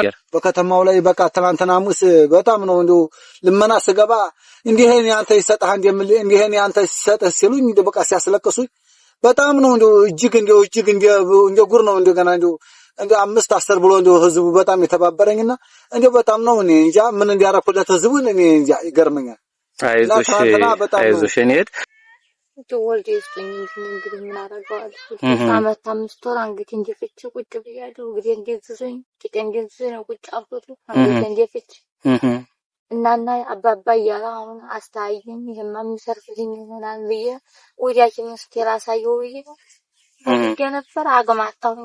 ነገር በከተማው ላይ በቃ ትናንትና ሙስ በጣም ነው እንዲሁ ልመና ስገባ እንዲህን ያንተ ይሰጥህ እንደምል እንዲህን ያንተ ይሰጥህ ሲሉኝ እንደ በቃ ሲያስለቅሱኝ በጣም ነው እንዲሁ እጅግ እንዲሁ እጅግ እንዲሁ ጉር ነው እንደገና እንዲሁ እንደ አምስት አስር ብሎ እንዲሁ ህዝቡ በጣም የተባበረኝና እንዲሁ በጣም ነው እኔ እንጃ ምን እንዲያረኩለት ህዝቡን እኔ እንጃ ይገርመኛል። አይዞሽ አይዞሽ እኔ እንደው ወልድ ይስጠኝ እንጂ እንግዲህ ምን አደርገዋለሁ? አመት አምስት ወር አንገቴ እንደፍቼ ቁጭ ብያለሁ። እንግዲህ እንደዝዞኝ ቂጤ እንደዝ ነው ቁጭ አብቶቱ አንገቴ እንደፍቼ እናና አባባ እያለ አሁን አስተያየኝ። ይህማ የሚሰርፍልኝ ይሆናል ብዬ ወዲያችን ውስጥ የራሳየው ብዬ ነው ነበር አገማታሁ።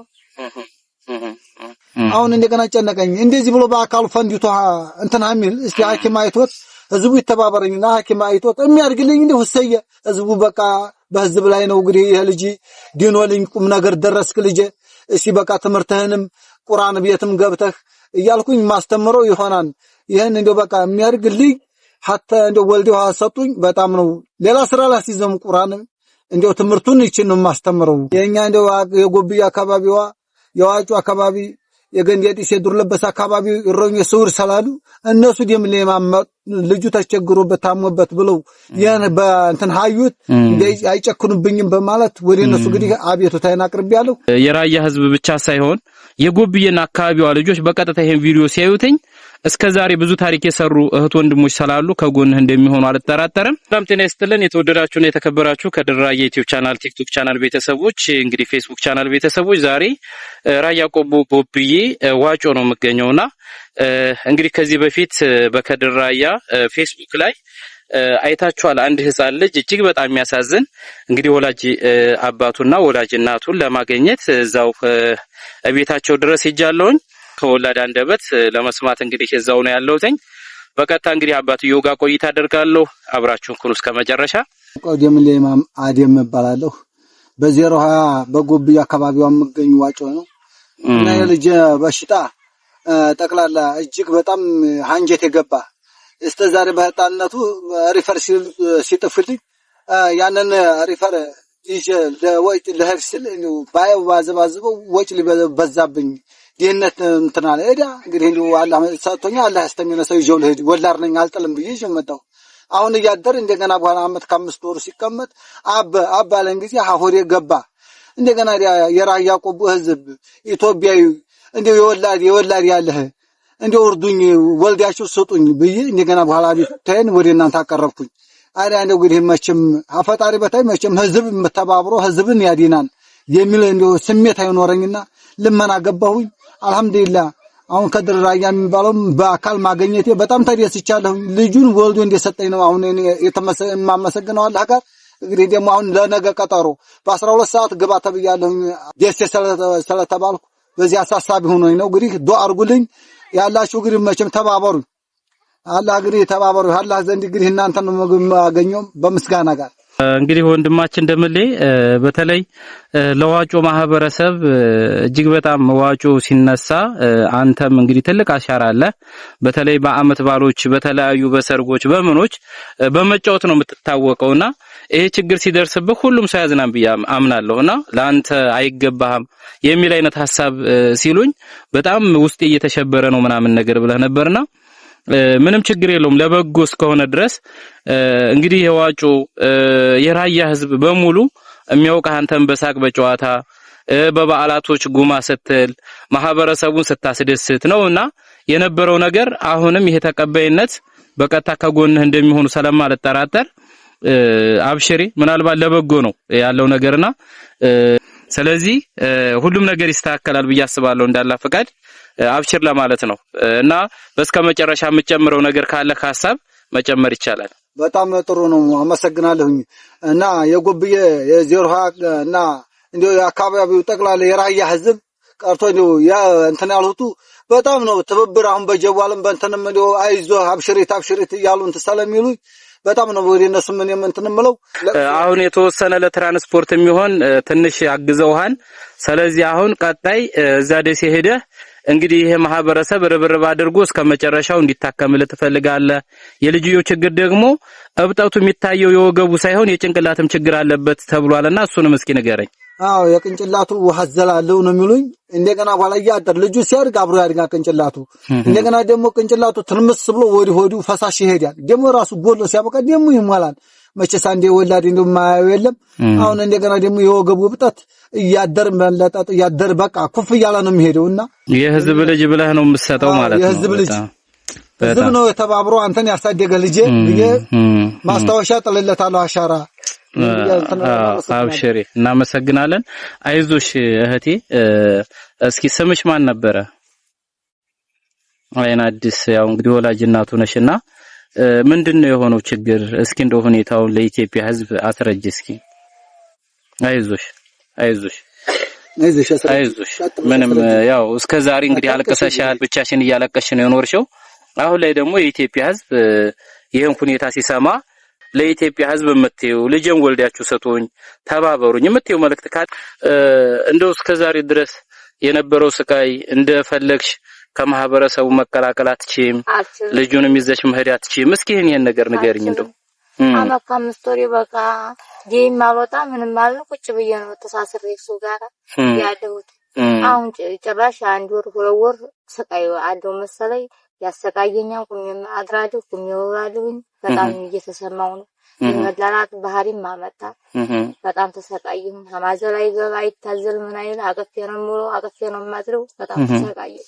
አሁን እንደገና ጨነቀኝ። እንደዚህ ብሎ በአካሉ ፈንዲቷ እንትና የሚል እስቲ ሐኪም አይቶት ህዝቡ ይተባበረኝና ሐኪም አይቶት የሚያድግልኝ እንዲ ውሰየ ህዝቡ በቃ በህዝብ ላይ ነው እንግዲህ ይህ ልጅ ዲኖልኝ ቁም ነገር ደረስክ ልጄ፣ እሺ በቃ ትምህርትህንም ቁርአን ቤትም ገብተህ እያልኩኝ ማስተምረው ይሆናል። ይህን እንዲሁ በቃ የሚያድግልኝ ሀተ ሐታ ወልድ ውሃ ሰጡኝ። በጣም ነው ሌላ ስራ ላስይዘም ቁርአን እንዲሁ ትምህርቱን ይችን ነው የማስተምረው። የኛ እንዲሁ የጎብያ አካባቢዋ የዋጩ አካባቢ የገንድ ጢስ የዱር ለበስ አካባቢ እረኞች ስውር ስላሉ እነሱ ደም ለማመጥ ልጁ ተቸግሮበት ታሞበት ብለው ያን በእንትን ሀዩት አይጨክኑብኝም በማለት ወደ እነሱ እንግዲህ አቤቱታዬን አቅርቤያለሁ። የራያ ህዝብ ብቻ ሳይሆን የጎብዬና አካባቢዋ ልጆች በቀጥታ ይሄን ቪዲዮ ሲያዩትኝ እስከ ዛሬ ብዙ ታሪክ የሰሩ እህት ወንድሞች ስላሉ ከጎንህ እንደሚሆኑ አልጠራጠርም። በጣም ጤና ይስጥልን። የተወደዳችሁና የተከበራችሁ ከድራ የዩቲዩብ ቻናል፣ ቲክቶክ ቻናል ቤተሰቦች እንግዲህ ፌስቡክ ቻናል ቤተሰቦች ዛሬ ራያ ቆቦ ቦብዬ ዋጮ ነው የምገኘውና እንግዲህ ከዚህ በፊት በከድር ራያ ፌስቡክ ላይ አይታችኋል። አንድ ህፃን ልጅ እጅግ በጣም የሚያሳዝን እንግዲህ ወላጅ አባቱና ወላጅ እናቱን ለማገኘት እዛው ቤታቸው ድረስ ሄጃለሁኝ። ከወላድ አንደበት ለመስማት እንግዲህ እዛው ነው ያለሁትኝ። በቀጥታ እንግዲህ አባትየው ጋር ቆይታ አደርጋለሁ። አብራችሁን ኩኑ እስከ መጨረሻ። ቀደምሌ ኢማም አደም እባላለሁ። በዜሮ ሀያ በጎብዬ አካባቢዋ የምገኙ ዋጮ ነው እና የልጅ በሽታ ጠቅላላ እጅግ በጣም አንጀት የገባ እስከ ዛሬ በህጣንነቱ ሪፈር ሲጥፍልኝ ያንን ሪፈር ይዤ ለወጭ ልሄድ ስል ባየው ባዘባዝበው ወጭ ሊበዛብኝ ድህነት እንትና እዳ እንግዲህ እንዲሁ አላህ ሰጥቶኛል። አላህ ያስተሚነ ሰው ይዤው ልሂድ ወላድ ነኝ አልጥልም ብዬ ይዤው መጣሁ። አሁን እያደር እንደገና በኋላ አመት ከአምስት ወሩ ሲቀመጥ አበ አባለን ጊዜ ሀሆዴ ገባ። እንደገና የራያ ቆቦ ህዝብ ኢትዮጵያዊ እንዲሁ የወላድ የወላድ ያለህ እንዲሁ እርዱኝ፣ ወልዳችሁ ስጡኝ ብዬ እንደገና በኋላ ቤታዬን ወደ እናንተ አቀረብኩኝ። አዳ እንደው እንግዲህ መቼም ፈጣሪ በታይ መቼም ህዝብ ተባብሮ ህዝብን ያዲናል የሚል እንዲሁ ስሜት አይኖረኝና ልመና ገባሁኝ። አልሐምዱሊላ አሁን ከድር ራያ የሚባለው በአካል ማገኘቴ በጣም ተደስቻለሁ። ልጁን ወልዶ እንደሰጠኝ ነው አሁን የማመሰግነው አላህ ጋር። እንግዲህ ደግሞ አሁን ለነገ ቀጠሮ በአስራ ሁለት ሰዓት ግባ ተብያለሁ ደሴ ስለተባልኩ በዚህ አሳሳቢ ሆኖ ነው። እንግዲህ ዶ አርጉልኝ ያላችሁ እንግዲህ መቼም ተባበሩኝ። አላህ እንግዲህ ተባበሩኝ። አላህ ዘንድ እንግዲህ እናንተ ነው የማገኘው በምስጋና ጋር እንግዲህ ወንድማችን ደምሌ በተለይ ለዋጮ ማህበረሰብ እጅግ በጣም ዋጮ ሲነሳ አንተም እንግዲህ ትልቅ አሻራ አለ። በተለይ በአመት ባሎች፣ በተለያዩ በሰርጎች፣ በምኖች በመጫወት ነው የምትታወቀውና ይሄ ችግር ሲደርስብህ ሁሉም ሰው ያዝናም ብዬ አምናለሁና ለአንተ አይገባህም የሚል አይነት ሀሳብ ሲሉኝ በጣም ውስጤ እየተሸበረ ነው ምናምን ነገር ብለህ ነበርና ምንም ችግር የለውም። ለበጎ እስከሆነ ድረስ እንግዲህ የዋጮ የራያ ህዝብ በሙሉ የሚያውቅ አንተን በሳቅ በጨዋታ በበዓላቶች ጉማ ስትል ማህበረሰቡን ስታስደስት ነውና የነበረው ነገር አሁንም ይሄ ተቀባይነት በቀጥታ ከጎንህ እንደሚሆኑ ስለማልጠራጠር አብሽሪ። ምናልባት ለበጎ ነው ያለው ነገርና ስለዚህ ሁሉም ነገር ይስተካከላል ብዬ አስባለሁ። እንዳላ ፈቃድ አብሽር ለማለት ነው እና በስከ መጨረሻ የምትጨምረው ነገር ካለ ከሀሳብ መጨመር ይቻላል። በጣም ጥሩ ነው። አመሰግናለሁኝ እና የጎብዬ የዜሮ እና እንዲሁ የአካባቢው ጠቅላላ የራያ ህዝብ ቀርቶ እንዲሁ እንትን ያልሁቱ በጣም ነው ትብብር አሁን በጀዋልም በእንትንም እንዲሁ አይዞ አብሽሪት አብሽሪት እያሉ እንትን ስለሚሉኝ በጣም ነው ወደ እነሱ ምን እንትን የምለው አሁን የተወሰነ ለትራንስፖርት የሚሆን ትንሽ አግዘውሃል። ስለዚህ አሁን ቀጣይ እዛ ደሴ ሄደህ እንግዲህ ይሄ ማህበረሰብ ርብርብ አድርጎ እስከ መጨረሻው እንዲታከምልህ ትፈልጋለህ። የልጅዮ ችግር ደግሞ እብጠቱ የሚታየው የወገቡ ሳይሆን የጭንቅላትም ችግር አለበት ተብሏልና እሱንም እስኪ ንገረኝ። አዎ የቅንጭላቱ ውሃ ዘላለው ነው የሚሉኝ። እንደገና በኋላ እያደር ልጁ ሲያድግ አብሮ ያድጋ ቅንጭላቱ። እንደገና ደግሞ ቅንጭላቱ ትርምስ ብሎ ወዲ ወዲ ፈሳሽ ይሄዳል። ደግሞ ራሱ ጎሎ ሲያበቃ ደግሞ ይሟላል። መቼሳ እንደ ወላድ እንደው ማያዩ የለም። አሁን እንደገና ደግሞ የወገቡ እብጠት እያደር መለጠጥ እያደር በቃ ኩፍ እያለ ነው የሚሄደውና የህዝብ ልጅ ብለህ ነው የምትሰጠው ማለት ነው። የህዝብ ልጅ ህዝብ ነው የተባብሮ አንተን ያሳደገ ልጄ ብዬ ማስታወሻ ጥልለታለሁ አሻራ አብሽሬ እናመሰግናለን። አይዞሽ እህቴ። እስኪ ስምሽ ማን ነበረ? አይን አዲስ ያው እንግዲህ ወላጅ እናቱ ነሽና ምንድን ነው የሆነው ችግር? እስኪ እንደው ሁኔታውን ለኢትዮጵያ ሕዝብ አስረጅ እስኪ። አይዞሽ አይዞሽ አይዞሽ። ምንም ያው እስከ ዛሬ እንግዲህ አልቅሰሻል፣ ብቻሽን እያለቀሽ ነው የኖርሽው። አሁን ላይ ደግሞ የኢትዮጵያ ሕዝብ ይህን ሁኔታ ሲሰማ ለኢትዮጵያ ህዝብ የምትዩ ልጄን ወልዳችሁ ሰጡኝ፣ ተባበሩኝ የምትዩ መልእክት ካል እንደው እስከዛሬ ድረስ የነበረው ስቃይ እንደፈለግሽ ከማህበረሰቡ መቀላቀል አትችም፣ ልጁንም ይዘሽ መሄድ አትችም። እስኪ ይሄን ይሄን ነገር ንገርኝ እንደው አመት ከአምስት ወሬ በቃ ጌም አልወጣ ምንም አለ ቁጭ ብዬ ነው ተሳስሬ እሱ ጋር ያለሁት። አሁን ጭራሽ አንድ ወር ሁለት ወር ስቃይ አለው መሰለኝ ያሰቃየኛል። ቁሜም አድራለሁ፣ ቁሜ እውላለሁኝ። በጣም እየተሰማው ነው። መላላት ባህሪም አመጣ። በጣም ተሰቃየሁ። አማዘር አይገባ አይታዘል ምን አይል አቅፌ ነው ሙሉ አቅፌ ነው የማድረው። በጣም ተሰቃየሁ።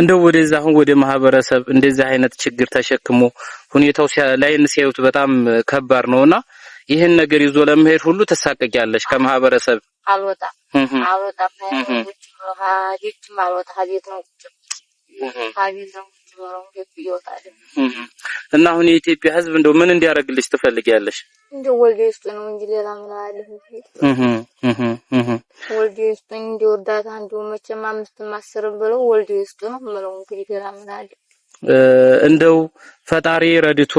እንደው ወደዛ አሁን ወደ ማህበረሰብ እንደዚህ አይነት ችግር ተሸክሞ ሁኔታው ላይን ሲያዩት በጣም ከባድ ነውና ይህን ነገር ይዞ ለመሄድ ሁሉ ትሳቀቂያለሽ። ከማህበረሰብ አልወጣም አልወጣም፣ ሀዲጅም አልወጣ ሀዲጅ ነው ቁጭ እና አሁን የኢትዮጵያ ሕዝብ እንደው ምን እንዲያደርግልሽ ትፈልጊያለሽ? እንደው ወልዴ ውስጥ ነው እንጂ ሌላ ምን አላለህ? ወልዴ ውስጥ እንደው እርዳታ እንደው መቼም አምስትም ማስር ብለው ወልዴ ውስጥ ነው የምለው እንግዲህ ሌላ ምን አለ? እንደው ፈጣሪ ረድቶ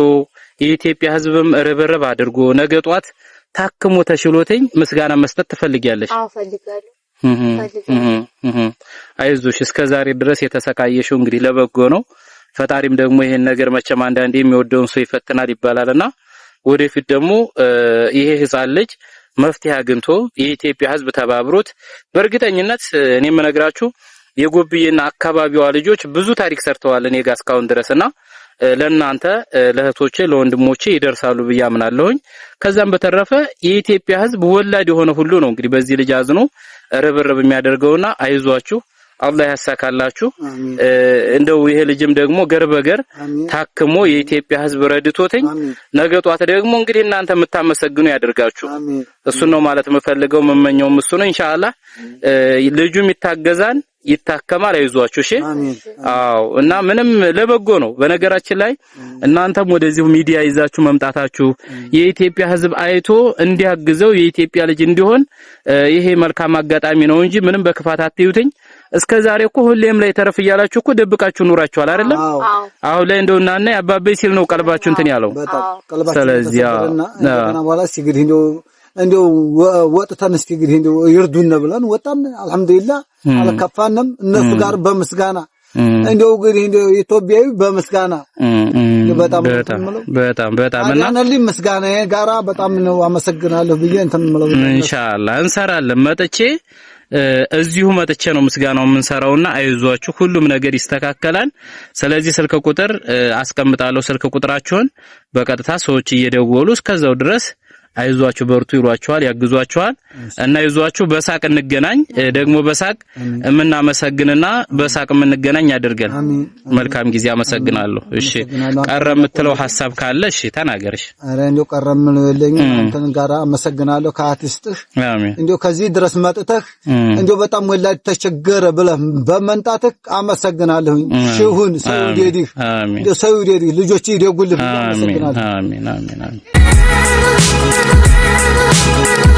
የኢትዮጵያ ሕዝብም ርብርብ አድርጎ ነገ ጧት ታክሞ ተሽሎትኝ ምስጋና መስጠት ትፈልጊያለሽ? አዎ እፈልጋለሁ። አይዞሽ እስከ ዛሬ ድረስ የተሰቃየሽው እንግዲህ ለበጎ ነው። ፈጣሪም ደግሞ ይሄን ነገር መቼም አንዳንዴ የሚወደውን ሰው ይፈትናል ይባላልና ወደፊት ደግሞ ይሄ ህፃን ልጅ መፍትሄ አግኝቶ የኢትዮጵያ ህዝብ ተባብሮት በእርግጠኝነት እኔ የምነግራችሁ የጎብዬና አካባቢዋ ልጆች ብዙ ታሪክ ሰርተዋል እኔ ጋ እስካሁን ድረስና ለእናንተ ለእህቶቼ ለወንድሞቼ ይደርሳሉ ብዬ አምናለሁኝ። ከዛም በተረፈ የኢትዮጵያ ሕዝብ ወላድ የሆነ ሁሉ ነው እንግዲህ በዚህ ልጅ አዝኖ ርብርብ የሚያደርገውና አይዟችሁ አላህ ያሳካላችሁ። እንደው ይሄ ልጅም ደግሞ ገር በገር ታክሞ የኢትዮጵያ ህዝብ ረድቶትኝ ነገ ጧት ደግሞ እንግዲህ እናንተ የምታመሰግኑ ያደርጋችሁ። እሱ ነው ማለት የምፈልገው፣ የምመኘውም እሱ ነው። ኢንሻአላህ ልጁም ይታገዛል። ይታከማል። አይዟችሁ። እሺ። አዎ። እና ምንም ለበጎ ነው። በነገራችን ላይ እናንተም ወደዚሁ ሚዲያ ይዛችሁ መምጣታችሁ የኢትዮጵያ ሕዝብ አይቶ እንዲያግዘው የኢትዮጵያ ልጅ እንዲሆን ይሄ መልካም አጋጣሚ ነው እንጂ ምንም በክፋት አትዩትኝ። እስከ ዛሬ እኮ ሁሌም ላይ ተረፍ እያላችሁ እኮ ደብቃችሁ ኑራችኋል አይደለም? አሁን ላይ እንደው እናና አባቤ ሲል ነው ቀልባችሁ እንትን ያለው። ስለዚህ እንዲያው ወጥተን እስኪ እንግዲህ እንዲያው ይርዱን ብለን ወጣን። አልሐምዱሊላህ አልከፋንም። እነሱ ጋር በምስጋና እንዲያው እንግዲህ እንዲያው ኢትዮጵያዊ በምስጋና በጣም በጣም በጣም እና አናልኝ ምስጋና ጋራ በጣም ነው አመሰግናለሁ ብዬ እንትን ምለው ኢንሻአላህ እንሰራለን መጥቼ እዚሁ መጥቼ ነው ምስጋናው የምንሰራውና አይዟችሁ፣ ሁሉም ነገር ይስተካከላል። ስለዚህ ስልክ ቁጥር አስቀምጣለሁ። ስልክ ቁጥራችሁን በቀጥታ ሰዎች እየደወሉ እስከዛው ድረስ አይዟችሁ በርቱ ይሏችኋል፣ ያግዟችኋል እና ይዟችሁ በሳቅ እንገናኝ። ደግሞ በሳቅ የምናመሰግንና በሳቅ የምንገናኝ አድርገን መልካም ጊዜ። አመሰግናለሁ። እሺ ቀረ የምትለው ሀሳብ ካለ እሺ ተናገርሽ። አረ እንዴ ቀረ ምን የለኝ እንትን ጋራ አመሰግናለሁ። አሜን። እንዴ ከዚህ ድረስ መጥተህ እንዴ በጣም ወላድ ተቸገረ ብለህ በመንጣትህ አመሰግናለሁ። ሽሁን ሰው ይደድህ፣ ሰው ይደድህ፣ ልጆች ይደጉልህ። አመሰግናለሁ። አሜን አሜን አሜን Thank you.